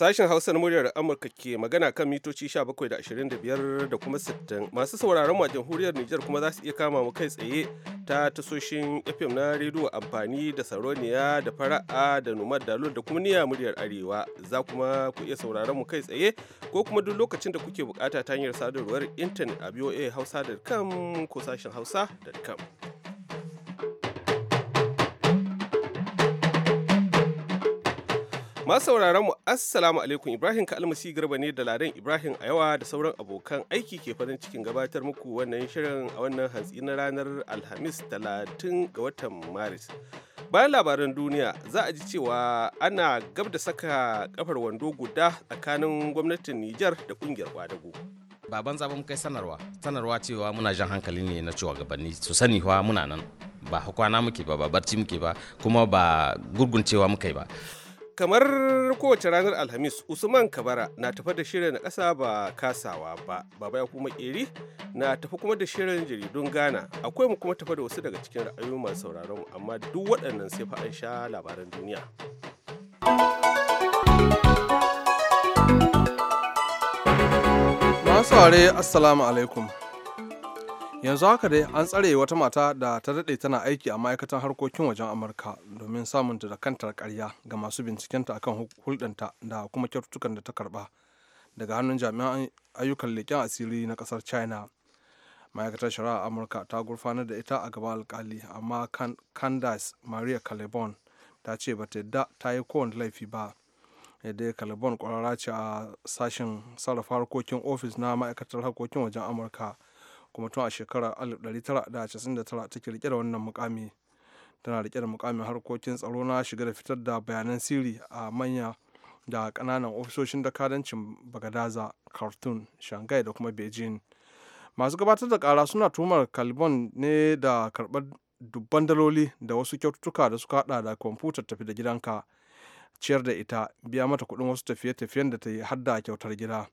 Sashen Hausar muryar Amurka ke magana kan mitoci 17.25 da da kuma 60. Masu sauraron mu a jamhuriyar Nijar kuma za su iya kama mu kai tsaye ta tasoshin FM na rediyo amfani da Saroniya da Fara'a da Numar Dalol da kuma Niyya muryar Arewa. Za kuma ku iya sauraron mu kai tsaye ko kuma duk lokacin da kuke bukata ta hanyar sadarwar intanet a Hausa.com ko sashen hausa.com. Masu mu Assalamu alaikum Ibrahim Kalmasi Garba ne da Ladan Ibrahim a yawa da sauran abokan aiki ke farin cikin gabatar muku wannan shirin a wannan hantsi na ranar Alhamis 30 ga watan Maris. Bayan labaran duniya za a ji cewa ana gab da saka kafar wando guda tsakanin gwamnatin Nijar da kungiyar kwadago. Baban zaben kai sanarwa, sanarwa cewa muna jan hankali ne na cewa gabanni su sani muna nan ba kwana muke ba ba barci muke ba kuma ba gurgun cewa muke ba. kamar kowace ranar alhamis usman kabara na tafa da shirin ƙasa ba kasawa ba baba ya kuma ƙeri na tafi kuma da shirin jaridun gana akwai mu kuma tafa da wasu daga cikin ra'ayoyin masu sauraron amma duk waɗannan sai fa an sha labaran duniya masu assalamu alaikum yanzu haka dai an tsare wata mata da ta daɗe tana aiki a ma'aikatan harkokin wajen amurka domin samunta da kantar karya ga masu bincikenta akan hulɗanta da kuma kyaututtukan da ta karɓa daga hannun jami'an ayyukan leƙen asiri na ƙasar china ma'aikatar shari'a amurka ta gurfanar da ita a gaba alkali amma candace maria calabon ta ce ba ta yadda ta yi kowane laifi ba yadda calabon kwararra ce a sashen sarrafa harkokin ofis na ma'aikatar harkokin wajen amurka kuma tun a shekara 1999 take rike da wannan mukami tana rike da mukamin harkokin tsaro na shiga da fitar da bayanan sirri a manya da kananan ofisoshin dakadancin bagadaza khartoum shanghai da kuma beijing masu gabatar da kara suna tuhumar kalibon ne da karbar dubban daloli da wasu kyaututtuka da suka hada da kwamfutar tafi da gidanka ciyar da ita biya mata kuɗin wasu tafiye-tafiyen da ta yi har da kyautar gida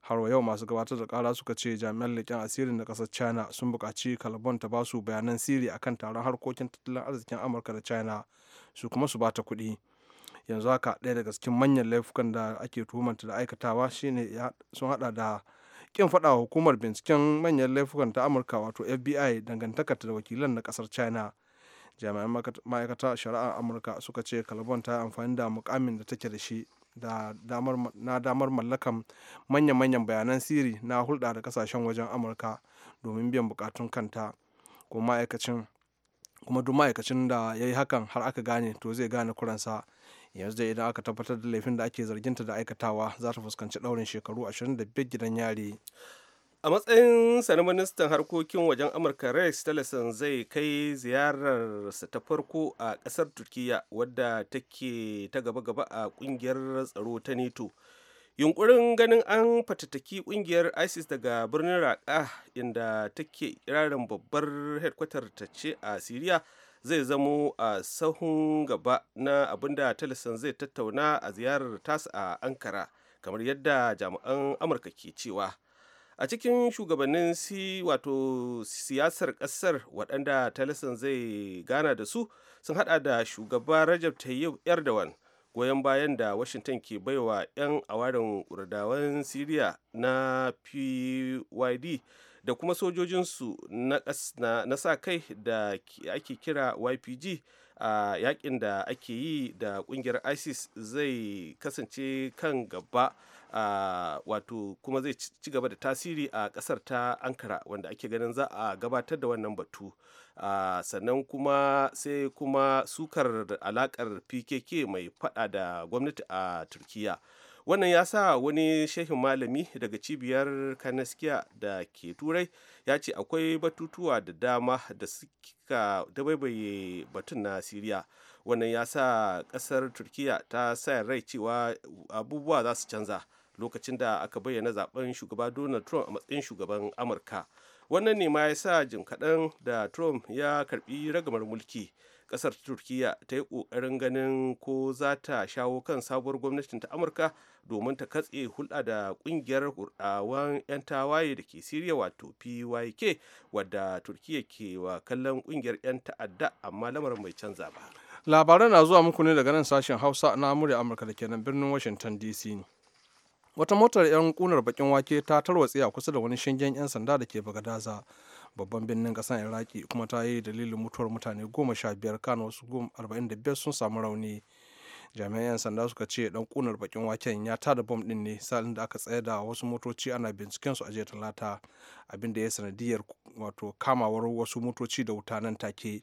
har yau masu gabatar da kara suka ce jami'an leƙen asirin na ƙasar china sun buƙaci kalabon ta basu bayanan sirri akan taron harkokin tattalin arzikin amurka da china su kuma su bata kuɗi yanzu haka ɗaya daga cikin manyan laifukan da ake tuhumanta da aikatawa shine sun haɗa da kin faɗa hukumar binciken manyan laifukan ta amurka wato fbi dangantaka da wakilan na ƙasar china jami'an ma'aikata shari'ar amurka suka ce kalabon ta yi amfani da mukamin da take da shi da damar na damar mallakan manya-manyan bayanan siri na hulɗa da kasashen wajen amurka domin biyan bukatun kanta kuma duk ma'aikacin da ya yi hakan har aka gane to zai gane kuransa yanzu da idan aka tabbatar da laifin da ake zarginta da aikatawa za ta fuskanci ɗaurin shekaru 25 gidan yari a matsayin na ministan harkokin wajen amurka rex tillerson zai kai ziyararsa ta farko a kasar turkiya wadda take ta gaba-gaba a kungiyar tsaro ta neto yunkurin ganin an fatattaki kungiyar isis daga birnin raƙa inda take kirarin babbar hedkwatar ta ce a siriya zai zamo a sahun gaba na abinda tillerson zai tattauna a ziyarar tasa a ankara kamar yadda jami'an amurka ke cewa a cikin shugabannin si wato siyasar kasar waɗanda talisan zai gana da su sun hada da shugaba rajab tayyip erdogan goyon bayan da washington ke baiwa 'yan awarin urdawan siriya na pyd da kuma sojojinsu na sa kai da ake kira ypg a yakin da ake yi da kungiyar isis zai kasance kan gaba wato kuma zai ci gaba da tasiri a kasar ta ankara wanda ake ganin za a gabatar da wannan batu sannan kuma sai kuma sukar alakar pkk mai fada da gwamnati a turkiya wannan ya sa wani shehin malami daga cibiyar kanaskiya da ke turai ya ce akwai batutuwa da dama da suka dabaibaye batun na siriya wannan ya sa kasar turkiya ta sa rai cewa abubuwa za su canza lokacin da aka bayyana zaben shugaba donald trump a matsayin shugaban amurka wannan ne ma ya sa jin kaɗan da trump ya karbi ragamar mulki ƙasar turkiya ta yi ƙoƙarin ganin ko za ta shawo kan sabuwar gwamnatin ta amurka domin ta katse hulɗa da ƙungiyar hurɗawan 'yan tawaye da ke siriya wato pyk wadda turkiya ke wa kallon ƙungiyar 'yan ta'adda amma lamar mai canza ba labaran na zuwa muku ne daga nan sashen hausa na amurka da ke nan birnin washington dc ne wata motar 'yan kunar bakin wake ta tarwatse a kusa da wani shingen 'yan sanda da ke bagadaza babban birnin kasar iraki kuma ta yi dalilin mutuwar mutane goma sha biyar kano wasu arba'in da biyar sun samu rauni jami'an 'yan sanda suka ce dan kunar bakin waken ya tada bom din ne salin da aka tsaya da wasu motoci ana binciken su a jiya talata abinda ya sanadiyar wato kamawar wasu motoci da wuta nan take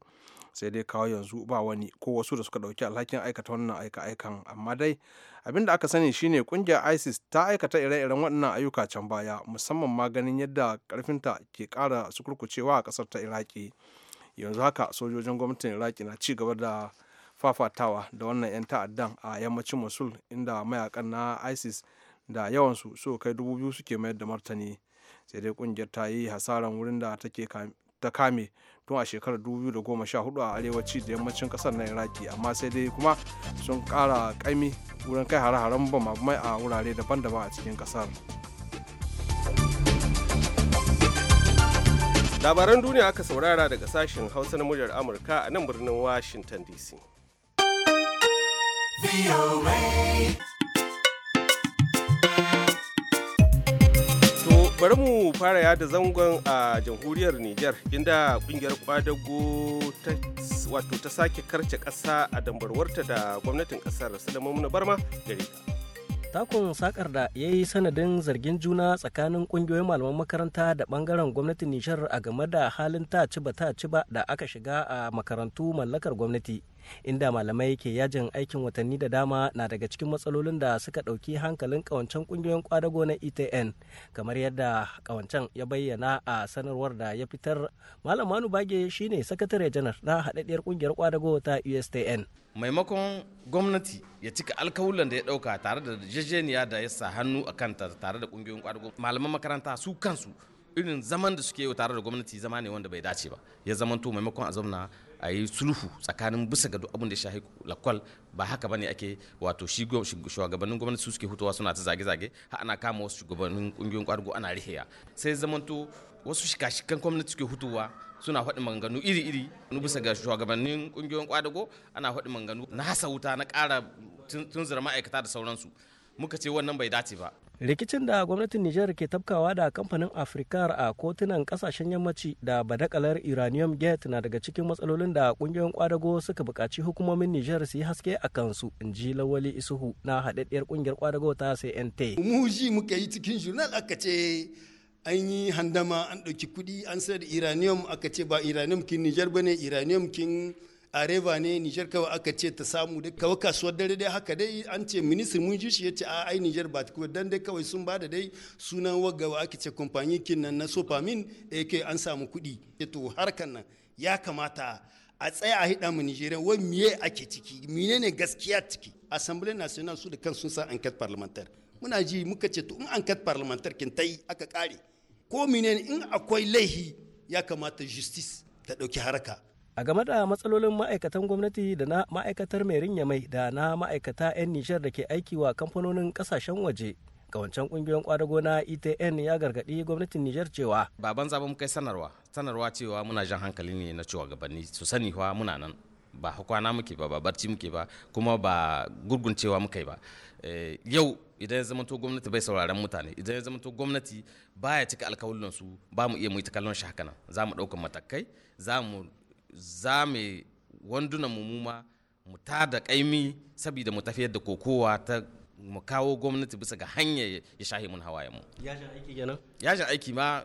sai dai kawo yanzu ba wani ko wasu da suka dauki alhakin aikata wannan aika-aikan amma dai abin da aka sani shine kungiyar isis ta aikata ire-iren waɗannan ayyuka can baya musamman ma ganin yadda karfinta ke ƙara sukurkucewa a ƙasar ta iraki yanzu haka sojojin gwamnatin iraki na ci gaba da fafatawa da wannan 'yan ta'addan a yammacin mosul inda mayakan na isis da yawansu su kai dubu biyu suke mayar da martani sai dai kungiyar ta yi hasaran wurin da ta kame tun a shekarar 2014 a arewaci da yammacin kasar na iraki amma sai dai kuma sun kara kaimi wurin kai hare-haren bamai a wurare daban-daban a cikin kasar labaran duniya aka saurara daga sashen hausa na muryar amurka a nan birnin washington dc bari mu fara yada zangon a jamhuriyar niger inda kungiyar kwadago ta wato ta sake karce ƙasa a dambarwarta da gwamnatin ƙasar sulaiman barma gare takun sakar da ya yi sanadin zargin juna tsakanin kungiyoyin malaman makaranta da bangaren gwamnatin nishar a game da halin ta ci ba ta ci ba da aka shiga a makarantu mallakar gwamnati inda malamai ke yajin aikin watanni da dama na daga cikin matsalolin da suka ɗauki hankalin kawancen ƙungiyoyin kwadago na etn kamar yadda kawancen ya bayyana a sanarwar da ya fitar malam manu bage shine sakatare janar na haɗaɗɗiyar ƙungiyar kwadago ta ustn e maimakon gwamnati ya cika alkawulan da ya ɗauka tare da jejeniya da ya sa hannu a kanta tare da ƙungiyoyin kwadago malaman makaranta su kansu irin zaman da suke yi tare da gwamnati zama ne wanda bai dace ba ya zamanto maimakon a zauna a yi sulhu tsakanin bisa ga duk abin da shahi lakwal ba haka bane ake wato shi shugabannin gwamnati su suke hutuwa suna ta zage-zage har ana kama wasu shugabannin kungiyoyin kwargo ana rihiya sai zamanto wasu shikashikan gwamnati suke hutuwa suna faɗi manganu iri-iri na bisa ga shugabannin kungiyoyin kwadago ana faɗi manganu na hasa wuta na ƙara tunzura ma'aikata da sauransu muka ce wannan bai dace ba rikicin da gwamnatin nijar ke tafkawa da kamfanin afirka a kotunan kasashen yammaci da badakalar uranium gate na daga cikin matsalolin da kungiyoyin kwadago suka buƙaci hukumomin nijar su yi haske a kansu in ji lawali isuhu na haɗaɗɗiyar ƙungiyar kwadago ta cnt mu ji muka yi cikin jurnal aka ce an yi handama an ɗauki kuɗi an sayar da uranium aka ce ba uranium kin ba bane uranium kin areba ne nijar kawai aka ce ta samu da kawai kasuwar dare dai haka dai an ce ministry mun ji shi ya ce a ai nijar ba kawai dan dai kawai sun bada dai sunan waggawa aka ce kamfani nan na sofamin eh an samu kuɗi to harkan nan ya kamata a tsaya a hida mu nijeriya wai miye ake ciki mine ne gaskiya ciki assemblée nationale su da kan sun sa kat parlementaire muna ji muka ce to in enquête parlementaire kin tai aka kare ko mine in akwai laihi ya kamata justice ta dauki haraka a game da matsalolin ma'aikatan gwamnati da na ma'aikatar merin mai da na ma'aikata 'yan nijar da ke aiki wa kamfanonin kasashen waje kawancan kungiyoyin kwadago na etn ya gargadi gwamnatin nijar cewa baban zaben kai sanarwa sanarwa cewa muna jan hankali ne na cewa gabanni su sani fa muna nan ba hukwana muke ba ba barci muke ba kuma ba gurguncewa muke ba eh, yau idan ya to gwamnati bai sauraron mutane idan ya zamanto gwamnati baya cika alkawulan su ba mu iya mu yi kallon shi haka nan za mu ɗaukar matakai za mu Za mu wanduna mu muma mu ta da kaimi saboda mu tafiyar da kokowa ta mu kawo gwamnati bisa ga hanya ya shahi mun hawaye mu yajin aiki kenan aiki ma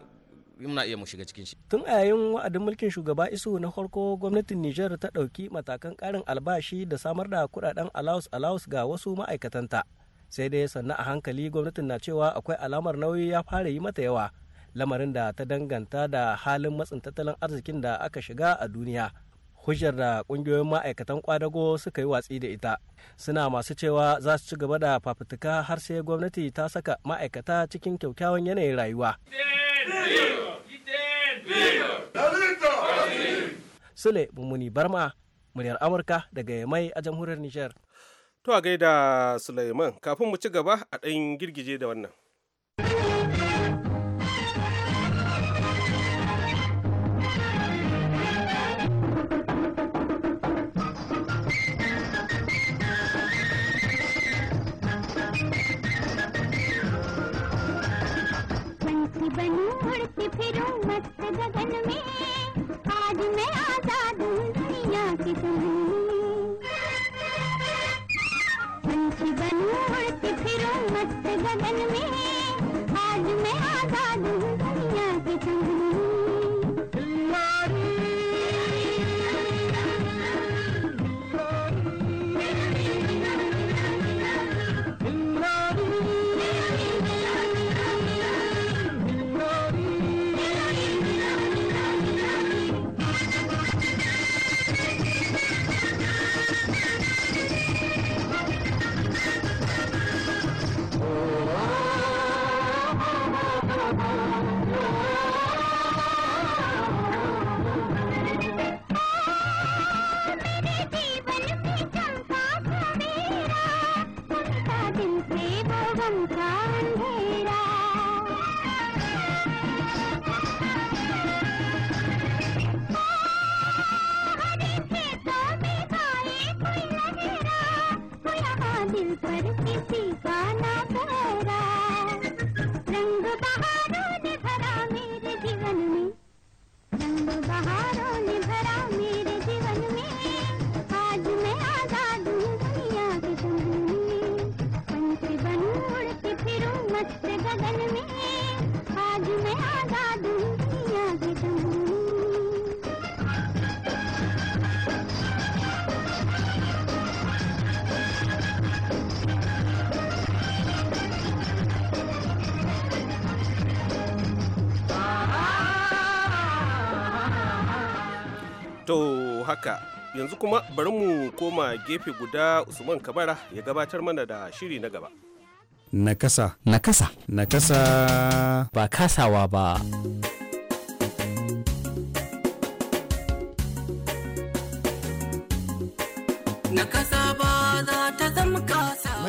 muna iya mu shiga cikin shi tun a yayin wa'adin mulkin shugaba isu na farko gwamnatin Nijar ta ɗauki matakan ƙarin albashi da samar da kuɗaɗen allowance allowance ga wasu ma'aikatanta sai dai sannan a hankali gwamnatin na cewa akwai alamar nauyi ya fara yi mata yawa lamarin da ta danganta da halin matsin tattalin arzikin da aka shiga a duniya hujjar da kungiyoyin ma'aikatan kwadago suka yi watsi da ita suna masu cewa za su ci gaba da fafutuka har sai gwamnati ta saka ma'aikata cikin kyaukyawan yanayin rayuwa sule mummuni barma muryar amurka daga mai a jamhuriyar nijar to a gaida suleiman kafin mu ci gaba a ɗan girgije da wannan मस्त गगन में आज मैं आजाद दुनिया की पंछी उड़ती मस्त गगन में आज मैं आजाद हूँ To haka yanzu kuma bari mu koma gefe guda Usman Kabara ya gabatar mana da shiri na gaba. Nakasa. Nakasa. Nakasa. Ba kasawa ba. Nakasa.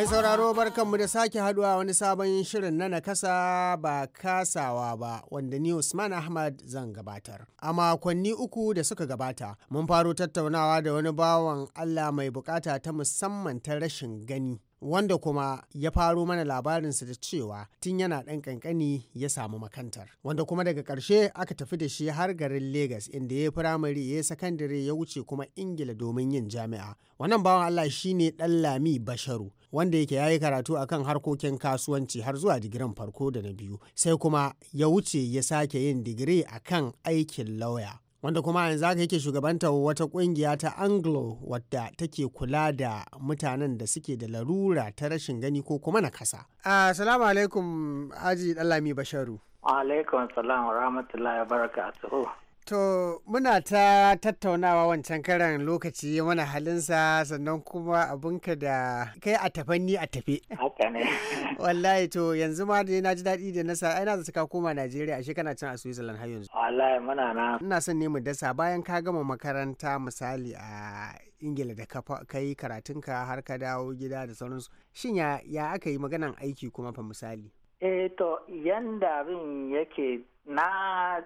Mai sauraro barkanmu da sake haduwa wani sabon shirin na nakasa ba kasawa ba wanda ni Usman Ahmad zan gabatar. A makonni uku da suka gabata, mun faro tattaunawa da wani bawan Allah mai bukata ta musamman ta rashin gani. wanda kuma ya faro mana labarinsa da cewa tun yana ɗan ƙanƙani ya samu makantar wanda kuma daga ƙarshe aka tafi da shi har garin Legas inda ya yi firamare ya yi sakandare ya wuce kuma Ingila domin yin jami'a wannan bawan Allah shine ɗan Lami Basharu wanda yake ya yi karatu akan harkokin kasuwanci har zuwa digirin farko da na biyu sai kuma ya wuce ya sake yin digiri akan aikin lauya wanda kuma yanzu haka yake shugabanta wata kungiya ta anglo wadda take kula da mutanen da suke da larura ta rashin gani ko kuma na kasa. Assalamu alaikum Haji Dallami Basharu. Alaikum salam wa rahmatullahi wa barakatuhu. To muna ta tattaunawa wancan karan lokaci mana halinsa sannan kuma abunka da kai a tafanni a tafe. Wallahi to yanzu ma da na ji daɗi da nasa ai na zaka koma Najeriya ashe kana can a Switzerland har yanzu. Wallahi muna na. Ina son ne mu dasa bayan ka gama makaranta misali a Ingila da ka yi karatunka har ka dawo gida da sauransu. Shin ya ya aka yi maganan aiki kuma fa misali? Eh to yanda abin yake na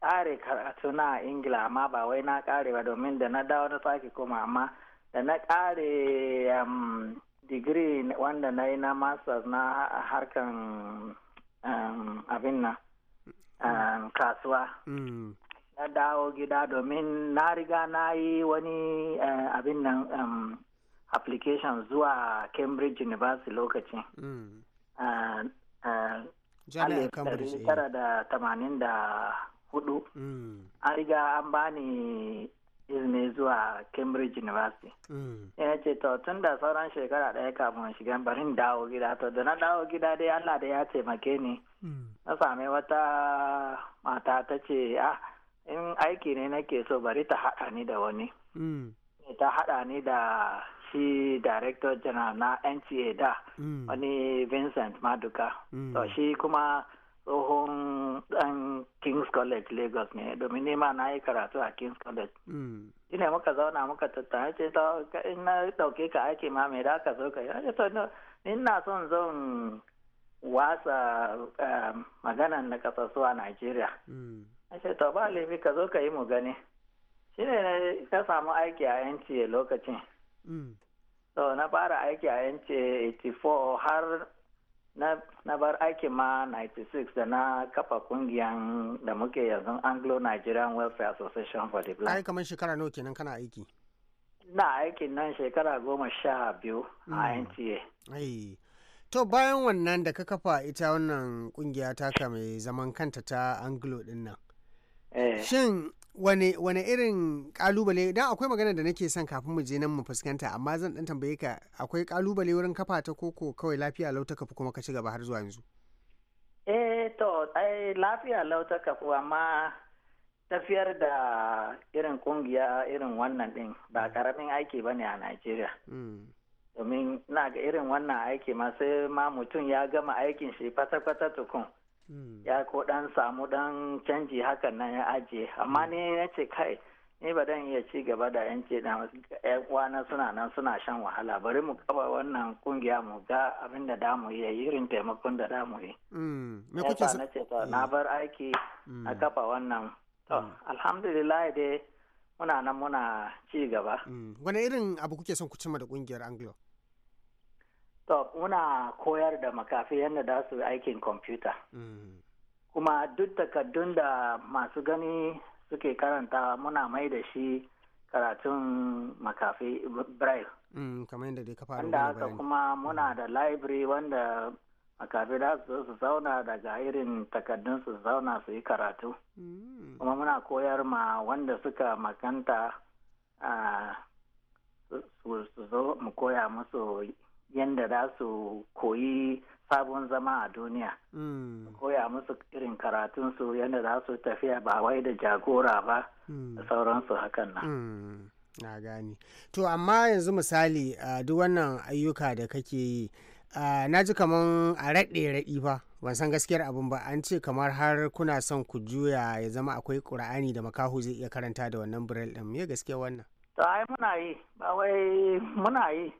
kare karatu na ingila amma ba wai na kare ba domin da na dawo na sake koma amma da na kare um, digiri wanda na yi na masters na harkan um, abin um, kasuwa mm. na dawo gida domin na riga na yi wani eh, abin nan application zuwa cambridge university lokaci mm. a ah, ah, cambridge eh. tara da tamanin da hudu mm. an riga an bani izini zuwa cambridge university mm. ya ce to tun da sauran shekara ɗaya kafin shiga barin dawo gida to da na dawo gida dai allah da ya taimake ni mm. na same wata mata ta ce ah in aiki ne nake so bari ta haɗa ni da wani ta haɗa ni da shi director general na nta da wani vincent maduka to shi kuma tsohon dan king's college lagos ne domin nema na yi karatu a king's college mm. ina muka zauna muka tattauna ce ta ina na dauke ka aiki ma mai da ka zo ka yi to ina son zan watsa eh, maganan na su a nigeria mm. a ce to ba laifi ka zo ka yi mu gani shi ne ka samu aiki a yanci lokacin so mm. na fara aiki a yanci 84 har na bar aikin ma 96 da na kafa kungiyan da muke yanzu anglo-nigerian welfare association for the blind kamar shekara nawa kenan kana aiki na aiki nan shekara goma sha biyu a hmm. nta to bayan wannan da ka kafa ita wannan kungiya taka mai zaman kanta ta anglo din nan eh. shin wane wani irin kalubale dan akwai magana da nake son kafin mu je nan mu fuskanta amma zan dan tambaye ka akwai kalubale wurin kafa ta koko kawai lafiya lau ta kafu kuma ka ci gaba har zuwa yanzu eh to ai lafiya lau ta kafu amma tafiyar da irin kungiya irin wannan din ba karamin mm. aiki bane a Najeriya mm. domin na ga irin wannan aiki ma sai ma mutum ya gama aikin shi kwata-kwata tukun Hmm. ya ko dan samu dan canji hakan nan ya ajiye amma ne ya ce kai ni ba dan iya ci gaba da ce da yan kwana suna nan suna shan wahala bari mu kaba wannan kungiya mu ga abin da damu yi irin taimakon da damu yi hmm. me kuke na ce to hmm. na bar aiki na kafa wannan to alhamdulillah dai muna nan muna ci gaba wani irin abu kuke son ku cimma da kungiyar anglo to muna koyar da makafi yadda da su aikin kwamfuta mm. kuma duk takardun da masu gani suke karanta muna mai da shi karatun makafi braille mm, kamar yadda dai kafa wanda kuma muna da library wanda makafi da su su zauna daga irin takardun su zauna su yi karatu mm. kuma muna koyar ma wanda suka makanta ah, su zo mu koya musu yadda za su koyi sabon zama a duniya. Mm. Koya musu irin karatunsu yadda za su tafiya ba wai da jagora ba mm. da sauransu hakan nan. Mm. Na gani. To, amma yanzu misali a duk wannan ayyuka da kake yi, na ji kaman a raɗe raɗi ba, ban san gaskiyar abin ba, an ce kamar har kuna son ku juya ya zama akwai ƙura'ani da makahu zai iya karanta da wannan birel ɗin, me gaske wannan? To, ai muna yi, ba wai muna yi.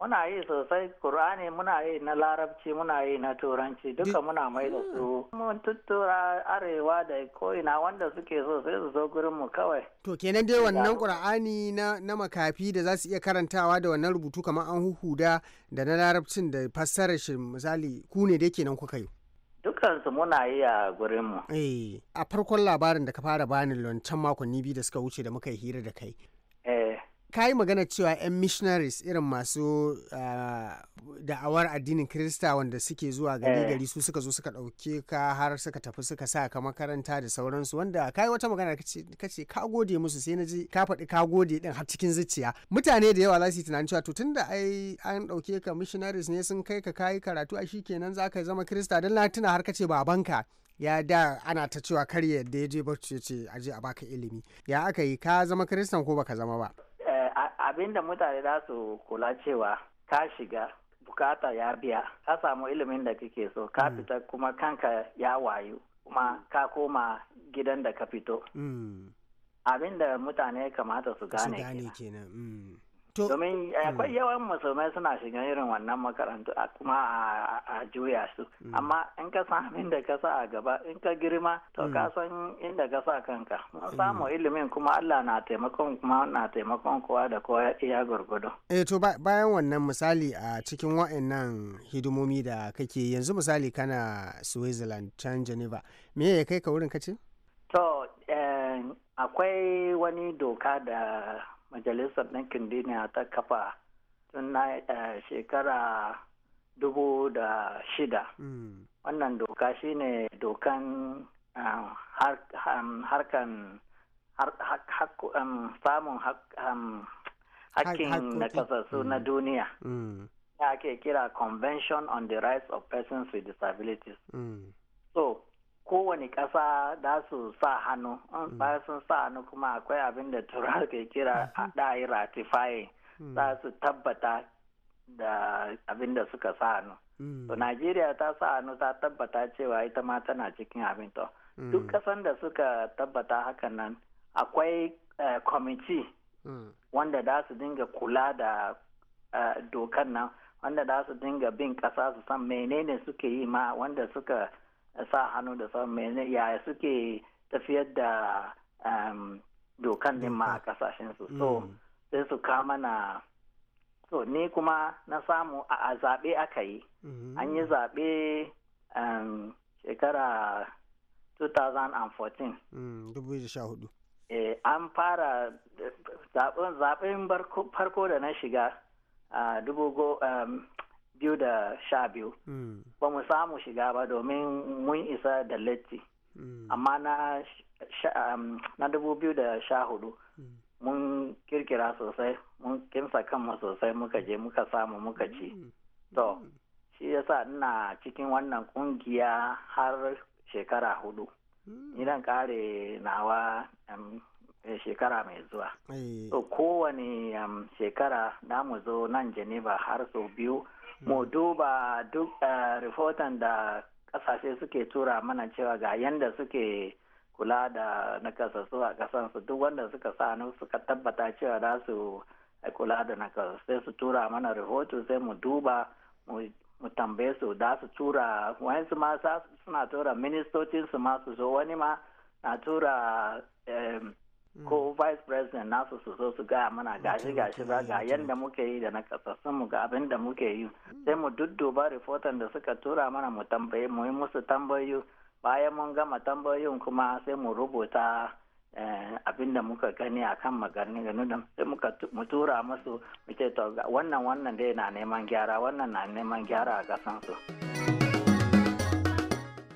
muna yi sosai Kur'ani muna yi na larabci muna yi na turanci duka muna mai da mm. su mun tuttura arewa da ko'ina wanda suke so sai su zo gurin mu kawai to kenan dai wannan Kur'ani na makafi da za su iya karantawa da wannan rubutu kamar an huhuda da na larabcin da fassarar shi misali ku ne dai kenan kuka yi dukansu muna yi a gurinmu. Eh, a farkon labarin da ka fara bani lancan makonni biyu da suka wuce da muka yi hira da kai ka yi magana cewa 'yan missionaries irin masu ah, da'awar addinin kirista wanda suke zuwa gari eh. gari su suka zo suka ɗauke ka har suka tafi suka sa ka makaranta da sauransu wanda ka yi wata magana ka ce ka gode musu sai na ji ka faɗi ka gode din har cikin zuciya mutane da yawa za su yi tunanin cewa to tunda ai an ɗauke ka missionaries ne sun kai ka kayi karatu a shi kenan za ka zama kirista don na tuna har ka ce babanka ya da ana ta cewa kar yadda ya je ba ce a je a baka ilimi ya aka yi ka zama kiristan ko baka zama ba abin da mutane za su kula cewa ka shiga bukata ya biya ka samu ilimin da kake so ka mm. fita kuma kanka ya wayu kuma mm. ka koma gidan da ka fito mm. abin da mutane kamata su gane kenan domin eh, akwai mm. yawan musulmai suna shiga irin wannan makarantu a kuma a juya su mm. amma in ka san inda da ka sa a gaba in ka girma to ka mm. san inda ka sa kanka mun samu ilimin kuma Allah na taimakon kuma na taimakon kowa da kowa ya gurgudu eh to bayan wannan misali a cikin wa'annan hidimomi da kake yanzu misali kana Switzerland can Geneva me ya kai ka wurin kace to eh, akwai wani doka da majalisar ɗinkin duniya ta kafa tun na eh, shekara dubu da shida mm. wannan doka shine dokan harkan samun hakkin na kasasu mm. na duniya da mm. ake kira convention on the rights of persons with disabilities so kowane ƙasa da su sa hannu mm. bayan sun sa hannu kuma akwai abin da tura ke kira mm-hmm. yi ratifayin mm. za su tabbata da abin da suka sa hannu mm. to najeriya ta sa hannu ta tabbata cewa ita ma tana cikin abin to duk ƙasan da suka tabbata hakan nan akwai kwamiti eh, wanda da su dinga kula da eh, dokan nan wanda da su dinga bin ƙasa su san menene suke yi ma wanda suka sa hannu da sa mene yaya suke tafiyar da um, dokan din ma a kasashen su so mm. sai su kama na so ni kuma na samu a zaɓe aka yi mm-hmm. an yi zaɓe um, shekara 2014 mm, eh, an fara eh, zaɓen farko da na shiga ah, dubu um, biyu da sha biyu mm. ba mu samu shiga ba domin mun isa da latti mm. amma um, na dubu biyu da sha hudu mm. mun kirkira sosai mun kimsa kanmu sosai muka je muka samu muka ci to shi yasa ina cikin wannan kungiya har shekara hudu idan kare nawa um, shekara mai zuwa. So eh. kowane um, shekara na mu zo nan Geneva har sau biyu mu mm. duba duk eh, rahoton da kasashe suke tura mana cewa ga yanda suke kula da nakasassu a kasansu duk wanda suka sa hannu suka tabbata cewa za su kula da nakasassu sai su tura mana rahoto sai mu duba mu tambaye su da su tura wani su ma suna tura su ma su zo wani ma na tura eh, Mm. ko vice president nasu su zo su gaya mana gashi gashi ba ga yadda muke yi da na kasassun mu ga abin da muke yi mm. sai mu dudduba rahoton da suka tura mana mu tambaye mu yi musu tambayoyi bayan mun gama tambayoyin kuma sai mu rubuta eh, abin da muka gani a kan maganin da sai muka tura musu muke to wannan wannan dai na neman gyara wannan na neman gyara a su.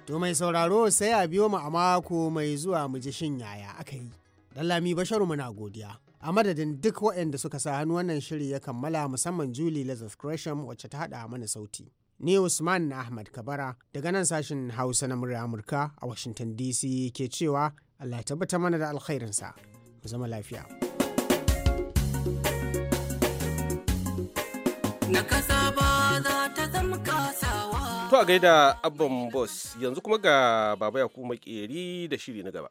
To mai sauraro sai a biyo mu a mako mai zuwa mu ji shin yaya aka yi. Dallami Basharu muna godiya. A madadin duk waɗanda suka sa hannu wannan shiri ya kammala musamman Julie Lazarus Gresham wacce ta haɗa mana sauti. Ni Usman na Ahmad Kabara daga nan sashen Hausa na murya Amurka a Washington DC ke cewa Allah ya tabbata mana da alkhairinsa. Mu zama lafiya. To a gaida abban boss yanzu kuma ga Baba kuma Makeri da shiri na gaba.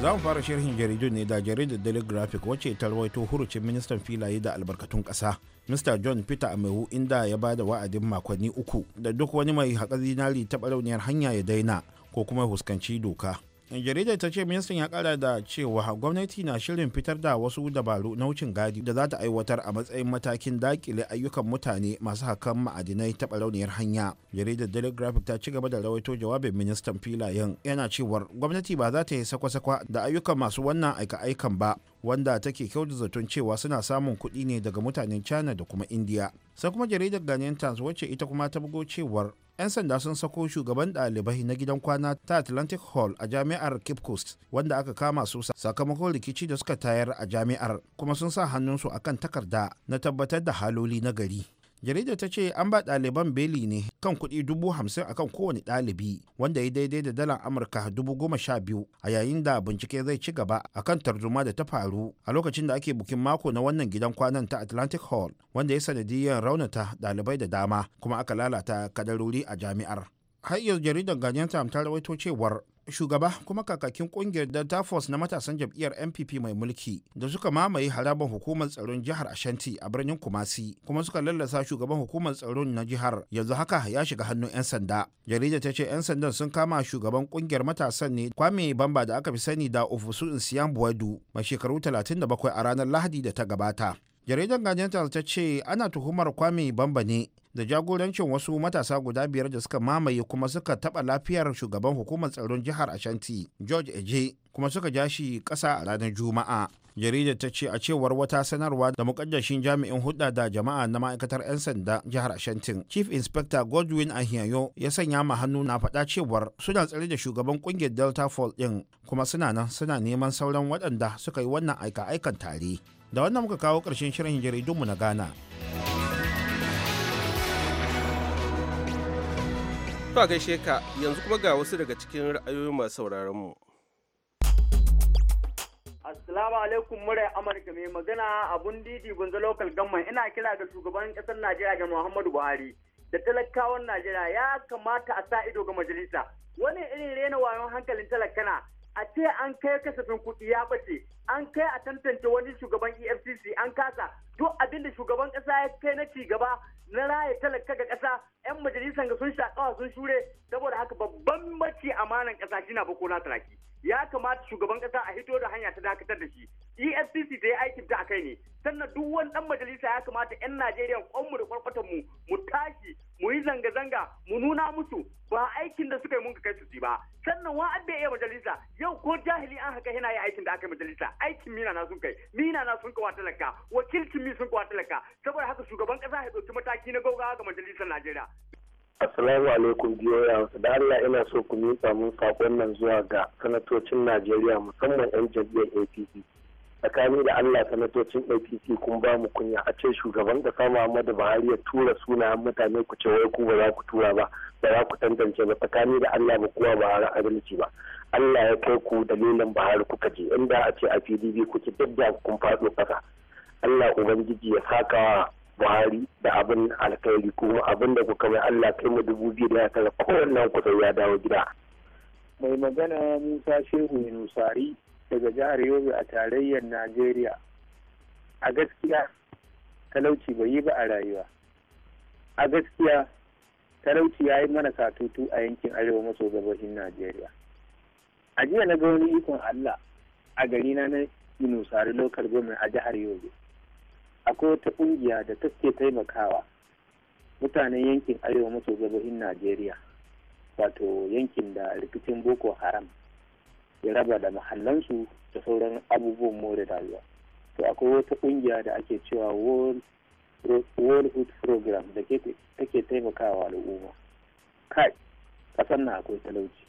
za mu fara sharhin jaridu ne da jaridar daily graphic wacce ta rawaito hurucin ministan filaye da albarkatun kasa mr john peter amehu inda ya ba da wa'adin makonni uku da duk wani mai haƙar zinari ta barauniyar hanya ya daina ko kuma fuskanci doka jaridar ta ce ministan ya kara da cewa gwamnati na shirin fitar da wasu dabaru na wucin gadi da za ta aiwatar a matsayin matakin dakile ayyukan mutane masu hakan ma'adinai ta barauniyar hanya jaridar telegraphic ta ci gaba da rawaito jawabin ministan filayen yana cewar gwamnati ba za ta yi sakwa-sakwa da ayyukan masu wannan aika-aikan ba wanda take kyau da zaton cewa suna samun kuɗi ne daga mutanen china da kuma india sai kuma jaridar ghanaian times wacce ita kuma ta bugo cewar 'yan sanda sun sako shugaban ɗalibai na gidan kwana ta atlantic hall a jami'ar cape coast wanda aka kama su sakamakon rikici da suka tayar a jami'ar kuma sun sa hannunsu akan takarda na tabbatar da haloli na gari jaridar ta ce an ba ɗaliban beli ne kan kuɗi dubu hamsin akan kowane ɗalibi wanda ya daidai da dalar amurka dubu goma sha biyu a yayin da bincike zai ci gaba a kan tarzoma da ta faru a lokacin da ake bukin mako na wannan gidan kwanan ta atlantic hall wanda ya sanadiyyar raunata ɗalibai da dama kuma aka lalata kadarori a jami'ar har jaridar ganyen ta rawaito cewar shugaba kuma kakakin kungiyar delta force na matasan jam'iyyar npp mai mulki da suka mamaye harabar hukumar tsaron jihar ashanti a birnin kumasi kuma suka lallasa shugaban hukumar tsaron na jihar yanzu haka ya shiga hannun 'yan sanda jarida ta ce 'yan sandan sun kama shugaban kungiyar matasan ne kwame bamba da aka fi sani da ofisun siyan buwadu mai shekaru 37 a ranar lahadi da ta gabata jaridar Guardian ta ce ana tuhumar kwami Bamba ne da jagorancin wasu matasa guda biyar da suka mamaye kuma suka taɓa lafiyar shugaban hukumar tsaron jihar Ashanti George Eje kuma suka ja shi ƙasa a ranar Juma'a. jaridar ta ce a cewar wata sanarwa da mukaddashin jami'in hudda da jama'a na ma'aikatar 'yan sanda jihar ashantin chief inspector godwin ahiyayo ya sanya ma hannu na faɗa cewar suna tsare da shugaban kungiyar delta fall din kuma suna nan suna neman sauran waɗanda suka yi wannan aika-aikan tare da wannan muka kawo ƙarshen shirin jaridunmu na ghana To gaishe ka yanzu kuma ga wasu daga cikin ra'ayoyin masu sauraron mu. Assalamu alaikum murai Amurka mai magana abun didi gunza local government ina kira ga shugaban kasar Najeriya ga Muhammadu Buhari da talakawan Najeriya ya kamata a sa ido ga majalisa. Wani irin rena wayon hankalin talakana a ce an kai kasafin kuɗi ya bace an kai a tantance wani shugaban efcc an kasa duk abin da shugaban kasa ya kai na ci gaba na raya talaka ga kasa yan majalisan ga sun shakawa sun shure saboda haka babban mace amanan kasa shina ba kona talaki ya kamata shugaban kasa a hito da hanya ta dakatar da shi efcc ta yi aikin ta akai ne sannan duk wani dan majalisa ya kamata yan najeriya kwanmu da kwarkwatan mu mu tashi mu yi zanga-zanga mu nuna musu ba aikin da suka yi mun kai su ba sannan wa'adda ya majalisa yau ko jahili an haka yana yi aikin da aka majalisa aiki aikin mina na sun kai mina na sun kawata talaka wakilcin mi sun kawata talaka saboda haka shugaban kasa ya ɗauki mataki na gaugawa ga majalisar najeriya Assalamu alaikum biyoya da Allah ina so ku yi mun sakon nan zuwa ga sanatocin Najeriya musamman 'yan jam'iyyar APC. Tsakani da Allah sanatocin APC kun ba mu kunya a ce shugaban kasa Muhammadu Buhari ya tura sunayen mutane ku ce wai ku ba za ku tura ba ba za ku tantance ba tsakani da Allah ba kuwa ba adalci ba. Allah ya kai ku dalilin Buhari kuka je inda a ce a PDP kuke dadda kun faɗo ƙasa Allah ubangiji ya saka Buhari da abin alkhairi kuma abin da kuka mai Allah kai mu dubu biyu da ya kala kowannen ku ya dawo gida mai magana Musa Shehu Nusari daga jihar Yobe a tarayyar Najeriya a gaskiya talauci bai yi ba a rayuwa a gaskiya talauci ya yi mana katutu a yankin arewa maso gabashin najeriya a jiya na ga wani ikon Allah a gari na na Inusari lokal government a jihar Yobe akwai wata kungiya da ta ke taimakawa mutanen yankin arewa maso gabashin Najeriya wato yankin da rikicin Boko Haram ya raba da mahallansu da sauran abubuwan more rayuwa to akwai wata kungiya da ake cewa World Food Program da take taimakawa al'umma kai kasan na akwai talauci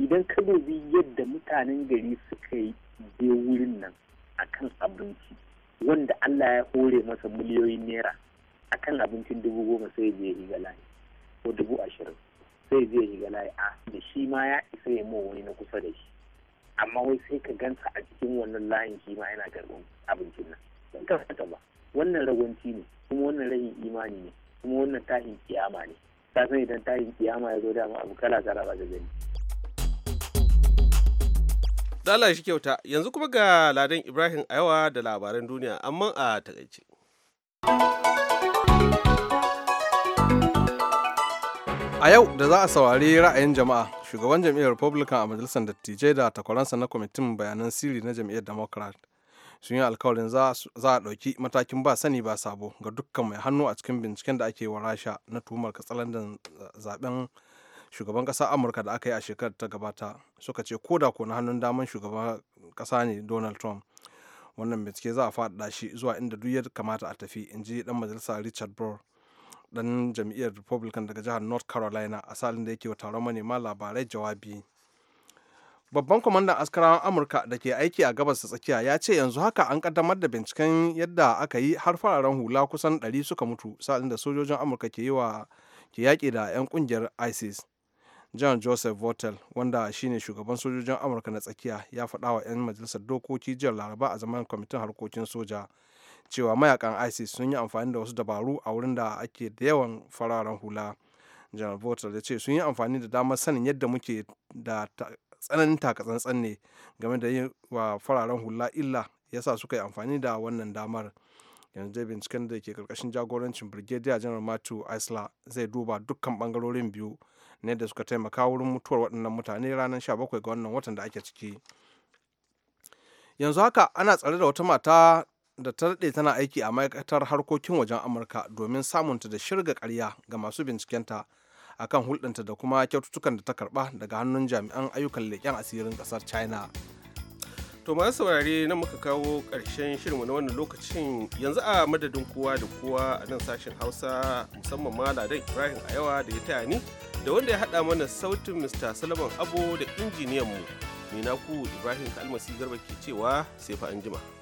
idan ka dubi yadda mutanen gari suka yi je wurin nan akan abinci wanda Allah ya hore masa miliyoyin naira akan abincin dubu goma sai je higa layi ko dubu ashirin sai je higa layi a da shi ma ya isa ya mawa wani na kusa da shi amma wai sai ka gansa a cikin wannan layin shi ma yana karɓar abincin nan don ka ba wannan ragwanci ne kuma wannan rahin imani ne kuma wannan tahin kiyama ne kasan idan tahin kiyama ya zo dama abu kala kala ba da gani da Allah shi kyauta yanzu kuma ga ladan ibrahim ayawa da labaran duniya amma a takaice a yau da za a saurari ra'ayin jama'a shugaban jam'iyyar republican a majalisar dattijai da takwaransa na kwamitin bayanan sirri na jam'iyyar democrat sun yi alkawarin za a ɗauki matakin ba sani ba sabo ga dukkan mai hannu a cikin binciken da ake wa rasha na tuhumar katsalandan eh, zaben shugaban ƙasar amurka da aka yi a shekarar ta gabata suka ce ko da ko na hannun daman shugaban kasa ne donald trump wannan bincike za a faɗa shi zuwa inda duk ya kamata a tafi in ji dan majalisa richard burr dan jam'iyyar republican daga jihar north carolina a salin da yake wa taron manema labarai jawabi babban kwamandan askarawan amurka da ke aiki a gabas ta tsakiya ya ce yanzu haka an kaddamar da binciken yadda aka yi har fararen hula kusan 100 suka mutu sa'ilin da sojojin amurka ke yi wa ke yaƙi da 'yan ƙungiyar isis john joseph votel wanda shine shugaban sojojin amurka na tsakiya ya faɗa wa 'yan majalisar dokoki jiya laraba a zaman kwamitin harkokin soja cewa mayakan isis sun yi amfani da wasu dabaru a wurin da ake da yawan fararen hula general votel ya ce sun yi amfani da damar sanin yadda muke da tsananin takatsantsan ne game da yin wa fararen hula illa yasa suka yi amfani da wannan damar yanzu dai binciken da ke karkashin jagorancin brigadier janar matu isla zai duba dukkan bangarorin biyu ne da suka taimaka wurin mutuwar waɗannan mutane ranar 17 ga wannan watan da ake ciki yanzu haka ana tsare da wata mata da ta daɗe tana aiki a ma'aikatar harkokin wajen amurka domin samunta da shirga karya ga masu bincikenta a kan hulɗanta da kuma kyaututtukan da ta karɓa daga hannun jami'an ayyukan leƙen asirin ƙasar china to masu saurare nan muka kawo ƙarshen shirinmu na wannan lokacin yanzu a madadin kowa da kowa a nan sashen hausa musamman ma ladan ibrahim a yawa da ya taya ni da wanda ya haɗa mana sautin Mr. Solomon Abo da injiniyanmu. mu na ku Ibrahim Kalmasi Garba ke cewa sai fa anjima. jima.